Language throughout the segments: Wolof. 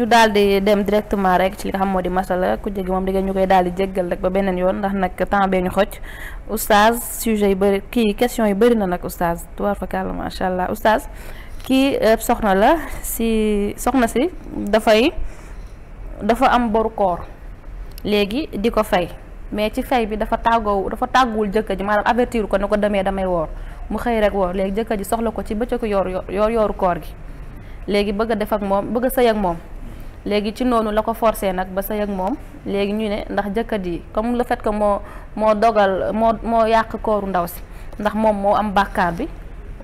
ñu daal di dem directement rek ci li nga xam moo di masala ku jéggi moom di ñu koy daal di jéggal rek ba beneen yoon ndax nag temps bee ñu xoj oustaz sujet yi bëri kii question yu bëri na nag oustaz tuwaar fa kàlla macha allah oustaz kii euh, soxna la si soxna si dafay dafa am boru koor léegi di ko fay mais ci fay bi dafa tàggoo dafa tàgguwul jëkkër ji maanaam avertir ko ne ko demee damay woor mu xëy rek woor léegi jëkkër ji soxla ko ci bëccëgu yoor yooru koor gi léegi bëgg a bëgg a moom léegi ci noonu la ko forcé nag ba sëy ak moom léegi ñu ne ndax jëkkat yi comme la fait que moo moo dogal moo moo yàq kooru ndaw si ndax moom moo am bàkkaar bi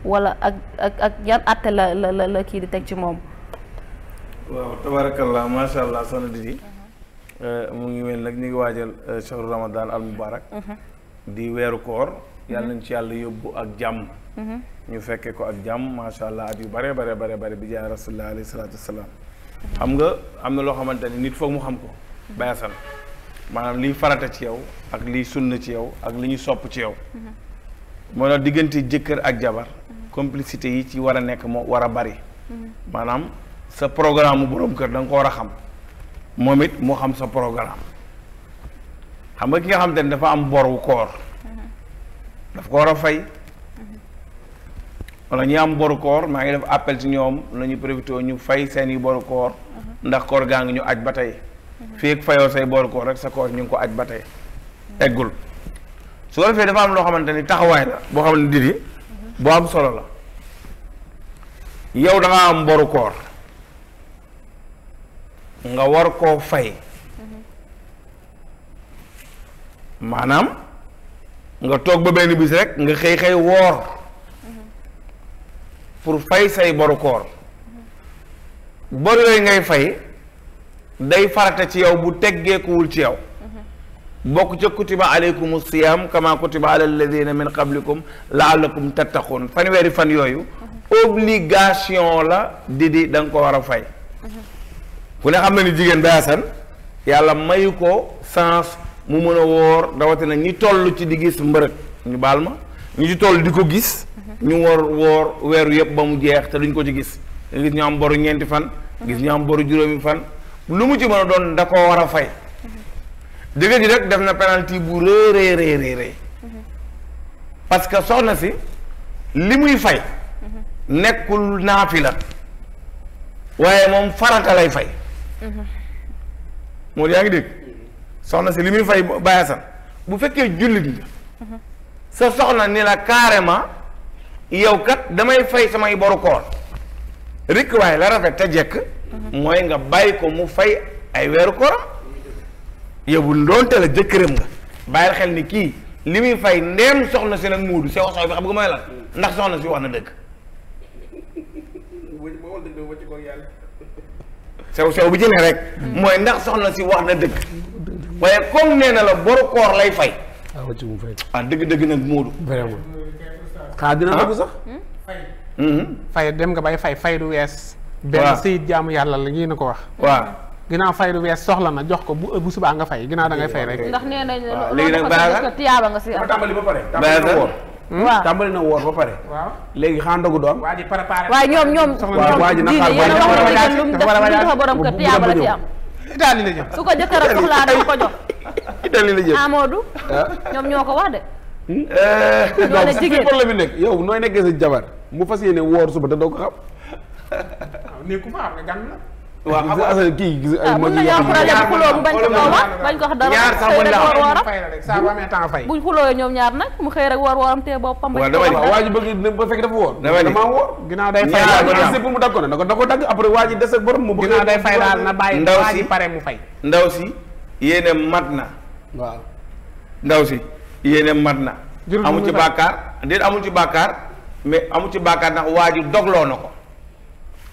wala ak ak ak yan àtte la la la kii di teg ci moom. waaw tabarakallah macha allah soxna Didi euh, mu ngi mel nag ñu ngi waajal euh, shahru ramadan al mubarak mhm. di weeru koor mhm. yàlla nañ ci yàlla yóbbu ak jàmm mhm. ñu fekkee ko ak jàmm macha allah at yu bare bare bare bare bi jaay rasulullah alayhi salaatu wasalaam xam nga am na loo xamante ni nit foog mu xam ko bayasan maanaam liy farata ci yow ak liy sunna ci yow ak li ñu sopp ci yow mm-hmm. moo tax diggante jëkkër ak jabar mm-hmm. complicité yi ci war a nekk moo war a bari mm-hmm. maanaam sa programme mu boroom kër danga ko war a xam moom it moo xam sa programme xam nga ki nga xam te dafa am boru koor daf ko a fay wala ñi am boru koor maa ngi def appel ci ñoom la ñu profité ñu fay seen i boru koor ndax koor gaa ngi ñu aj ba tey mhm. feek fayoo say boru koor rek sa koor ñu ngi ko aj ba tey eggul soo ko defee dafa am loo xamante ni taxawaay la boo xam ne didi mhm. boo am solo la yow da am boru koor nga war koo fay mhm. maanaam nga toog ba benn bis rek nga xëy xëy woor pour fay say boru koor bor yooyu ngay fay day farata ci yow bu teg teggeekuwul ci yow bokk ca kutiba aleykum siyaam kama kutiba ala alladina min qablikum laalakum tattaqun fanweeri fan yooyu obligation la di di da ko war a fay ku ne xam na ni jigéen bayasan yàlla mayu ko sens mu mën a wóor rawatina ñi toll ci di gis mbërëg ñu baal ma ñu ci toll di ko gis ñu war woor weeru yëpp ba mu jeex te duñ ko ci gis dañ gis ñu am boru ñeenti fan gis ñu am boru juróomi fan lu mu ci mën a doon da koo war a fay jëkkër ji rek def na penalty bu rëy rëy rëy parce que soxna si li muy fay nekkul naafila waaye moom farata lay fay moom yaa ngi dégg soxna si li muy fay bàyyi bu fekkee jullit nga sa soxna ni la carrément yow kat damay fay samay boru koor rikk waaye la rafet te jekk mooy nga bàyyi ko mu fay ay weeru kooram yow bu doonte la jëkkëram nga bàyyil xel ni kii li muy fay ndeem soxna si nag muudu sew sow bi xam nga mooy lan ndax soxna si wax na dëgg sew sew bi jëlee rek mooy ndax soxna si wax na dëgg waaye comme nee na la boru koor lay fay Ah, waaw ci mu fay. ah dëgg-dëgg nag Moodu. vraiment xaa dina ah? dëgg sax. Hmm? Hmm? Hmm? fay dem nga bay fay fay du wees. benn sayit jaamu yàlla la ñuy na ko wax. waaw ginnaaw fay du wees soxla na jox ko bu bu subaa nga fay ginnaaw da fay rek. ndax nee nañ la léegi nga si am. tàmbali ba pare tàmbali na woor. ba pare. waaw léegi xaa ndogu doom. waa waaye ñoom ñoom. waa ji na xaar waa ji dafa war a wajaas dafa war a wajaas borom kër tiyaaba la ci am. itaali la jëm su ko jëkkëram soxlaa dafa ko jox Italie la jëm Amadou. Ah, ah. ñoom ñoo ko wax de. Hmm? ñoo ne eh, jigéen problème bi nekk yow nooy nekkee sa jabar mu fas yéene woor suba te doo ko xam. waaw ah, nekkuma am nga gan la. waaw xam nga na ñoo problème xuloo bu bañ ko koo wax bañ ko wax dara ñaar sax mën naa war wooram saa bu amee ñaar nag mu xëy rek war wooram te boppam bañ ko wax waa ji bëgg ba fekk dafa woor dama woor ginnaaw na ko na ko dagg après waa ji des ak borom mu ginnaaw day fay daal na bàyyi pare mu fay ndaw si yéene mat na waaw ndaw si yéene mat na amul ci bàkkaar déet amul ci bàkkaar mais amul ci bàkkaar ndax waa ji dogloo na ko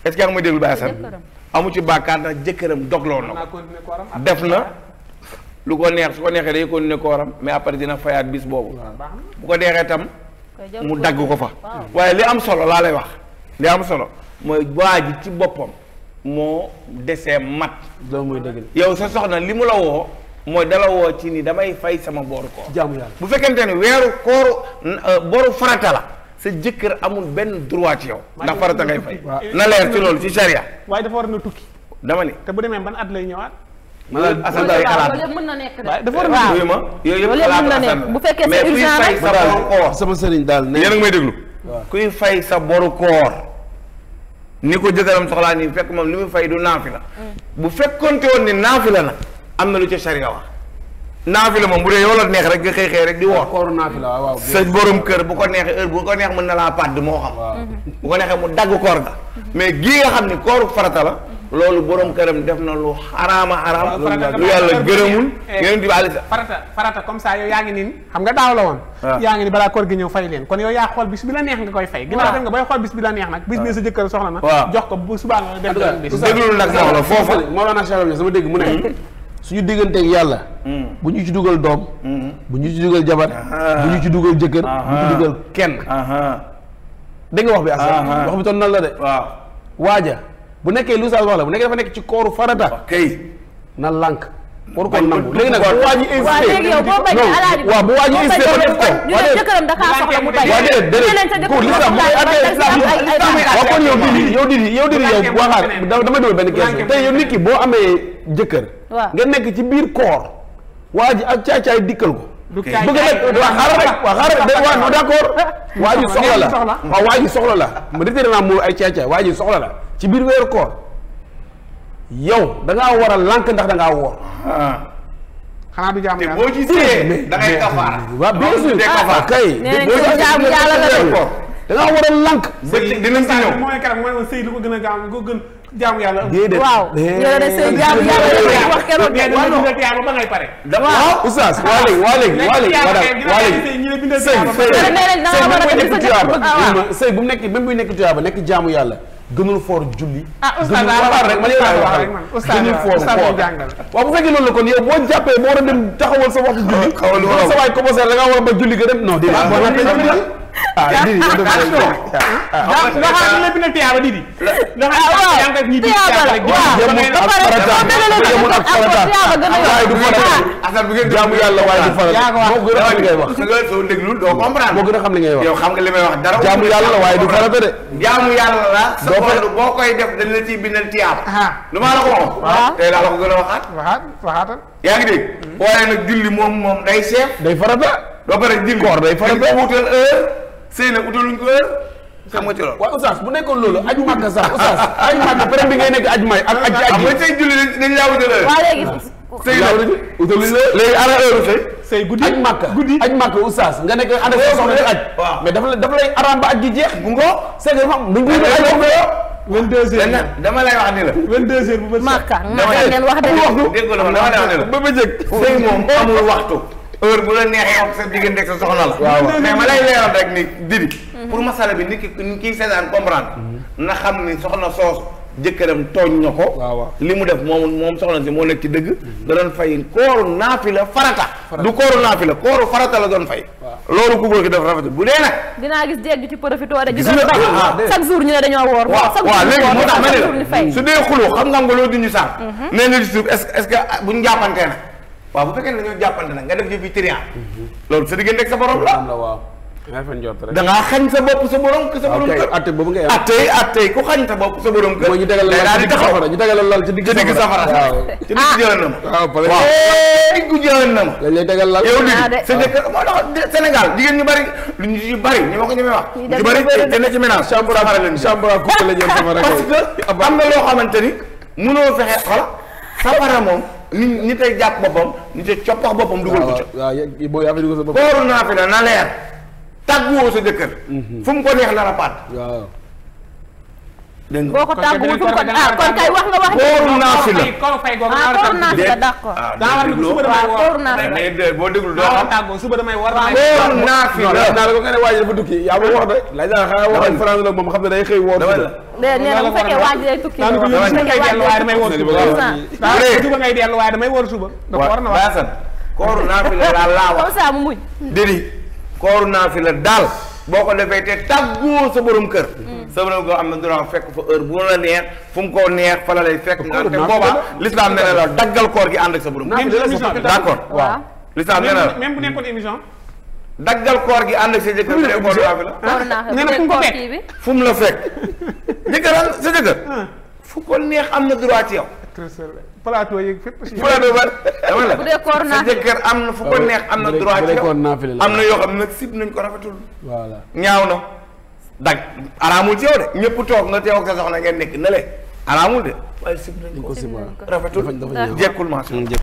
est-ce que yaa ngi may déglu Baye Assane amul ci bàkkaar ndax jëkkëram dogloo ko def na lu ko neex su ko neexee day continuer kooram mais après dina fayaat bis boobu bu ko neexee tam mu dagg ko fa waaye li am solo laa lay wax li am solo mooy waa ji ci boppam moo desee mat yow sa soxna li mu la woo mooy dala woo ci ni damay fay sama booru koor jaamu bu fekkente ni weeru kooru euh, boru farata la sa jëkkër amul benn droit ci yow ndax farata ngay fay na leer ci loolu ci charia waaye dafa war na tukki dama te bu demee ban at lay ñëwaat ma mën na nekk ma yooyu yëpp xalaat na bu fekkee c'est sama sëriñ daal ne yéen a ngi may déglu. kuy fay sa boru ni ko jëkkëram soxlaa nii fekk moom li muy fay du naafila. Mm. bu fekkonte woon ni naafila la. am na lu ca sariya wax naafila moom bu dee yow la neex rek nga xëy xëy rek di woor kooru naafila waaw sa borom kër bu ko neexee heure bu ko neex mën na laa moo ko neexee mu dagg loolu borom këram na la woon ah. yaa ngi ni balaa koor gi ñëw la neex nga koy fay ah. ginnaaw dem la neex nag bis bi ah. sa na jox ko bu subaa nga def bis déglul nag soxla foofu moo laa na suñu digganteeg yàlla. Hmm. bu ñu ci dugal doom. Hmm. bu ñu ci dugal jabar. bu ñu ci dugal jëkkër. bu ñu ci dugal kenn. dégg nga wax bi askan wax bi toon la waaja bu nekkee lu sax wax bu nekkee dafa nekk ci kooru farata. kay na lànk. waru ko nangu léegi nag bu waa ji insisté waaw yow boo bañee alaaji waaw bu waa ñu ne jëkkëram damay dugal benn question tey yow nit ki boo amee jëkkër nga nekk ci biir koor waa ji ak caay dikkal ko bëgg a waa xaaral rek waa xaaral rek waa non d'accord waa ji soxla la waaw waa ji soxla la ma détere naa moom ay caay-caay soxla la ci biir weeru koor yow da ngaa war a ndax da ngaa woor ah. xanaa du jaamu yàlla te boo gisee da ngay kafaara waaw bien sûr ah, kay boo gisee da ngaa war a lànk dinañ si ñëw mooy karam mooy sëy lu ko gën a gaaw ko gën jaamu yàlla amul. waaw yore de say jaamu yàlla dafay wax keroog de. waaw mais dina ba ngay pare. waaw oustaz waa léegi waa léegi waa léegi waa léegi sëy mu nekk même bu nekk tuyaaba nekk jaamu yàlla gënul foor julli. ah oustaz waaw rek man yow laay waxal gënul foor foor waaw bu fekkee loolu kon yow boo jàppee boo war a dem taxawal sa waxtu julli. xaw ma lu ma wax sa waay commencé da ngaa war a ba julli ga dem non ah Didi yow dama koy wax Didi. nga xam ne Didi tiyaaba la waaw ak ah, farata ah, ah, jaamu yàlla waaye du farata moo gën a xam li ngay wax. doo comprendre moo a xam li ngay wax. yow xam nga li may wax dara. jaamu yàlla la waaye du farata de. jaamu yàlla la. doo fa boo koy def dañ la ciy bindal tiyaaba. lu ma la ko wax. waaw tey laa la ko gën a waxaat. yaa ngi dégg. Hmm. waaye nag julli moom moom day seef. day farata. doo pare julli koor day farata wutal heure sëy na utaluñ ko wér xam nga ci bu nekkoon loolu aju màkk sax oustaz aju màkk beneen bi sa soxna aju. waaw mais dafa lay dafa lay aj gi bu ma. Maka naka ngeen wax de. waxtu wax ne ba ba sëy moom waxtu. heure bu la neexee wax sa diggante ak sa soxna la. waaw mais ma lay leeral rek ni didi. Mhm. pour masala bi ni ki ni kii seetaan comprendre. Mhm. na xam ni soxna soosu jëkkëram tooñ na li mu def moom moom soxna si moo nekk ci dëgg. Mhm. da doon fay kooru naafi la farata. du kooru naafi la kooru farata la doon fay. loolu ku góor gi rafet bu dee nag. dinaa gis jéeg ju ci profité de. gis ah, ah, su dee xuloo xam nga am nga loo duñu sax. nee nga di suuf est ce que ah, buñu jàppante waaw bu fekkee ne dañoo jàppante nag nga def yëf yi triant loolu sa diggante ak sa borom la waaw da ngaa xañ sa bopp sa borom kër sa boobu ngay la di taxaw ñu tegal la lal ci digg safara ko ñemee wax ñu bari dana ci ménage chambre à leen chambre am na loo xamante ni mënoo fexe xol safara moom nit nit ay jàpp boppam nit ay coppax boppam. dugal ko ah, ca waaw naa fi na na leer tàgguwoo sa jëkkër. Mhm. fu mu ko neex na la paat. dégg nga boo ko tàgguwul kon kay wax nga wax. kooru naasi la kooru fay googu ah kooru naasi la d'accord. daa war suba damay war mais xam tàggoo suba damay war. kooru naasi la naa la ko nga ne waa wax de. laaj naa xanaa wax ak France la moom xam ne day xëy woo. dawal la nee na bu kooru naasi la daal laa wax. comme ça mu muñ. déedéet kooru naasi la daal boo ko defee te tàggoo sa borom kër mm. sa borom kër am na droit fekk fa heure bu la neex fu mu ko neex fa fekk nga te boobaa l'islam nee na la daggal koor gi ànd ak sa borom kër d'accord waaw l'islam nee na la même bu nekkoon émission daggal koor gi ànd ak sa jëkkër bu dee koor waafi la ah, nee na fu mu ko fekk fu mu la fekk jëkkëral sa jëkkër ah. fu neex am na droit ci yow trésor plateau yeeg fépp si. plateau ba dama la bu dee sa jëkkër am na fu ko neex am na droit ci am na yoo xam ne sib nañ ko rafetul. voilà ñaaw na. dag araamul ci yow de ñëpp toog nga teew ak sa soxna ngeen nekk ne le araamul de waaye sib nañ ko rafetul jekkul maa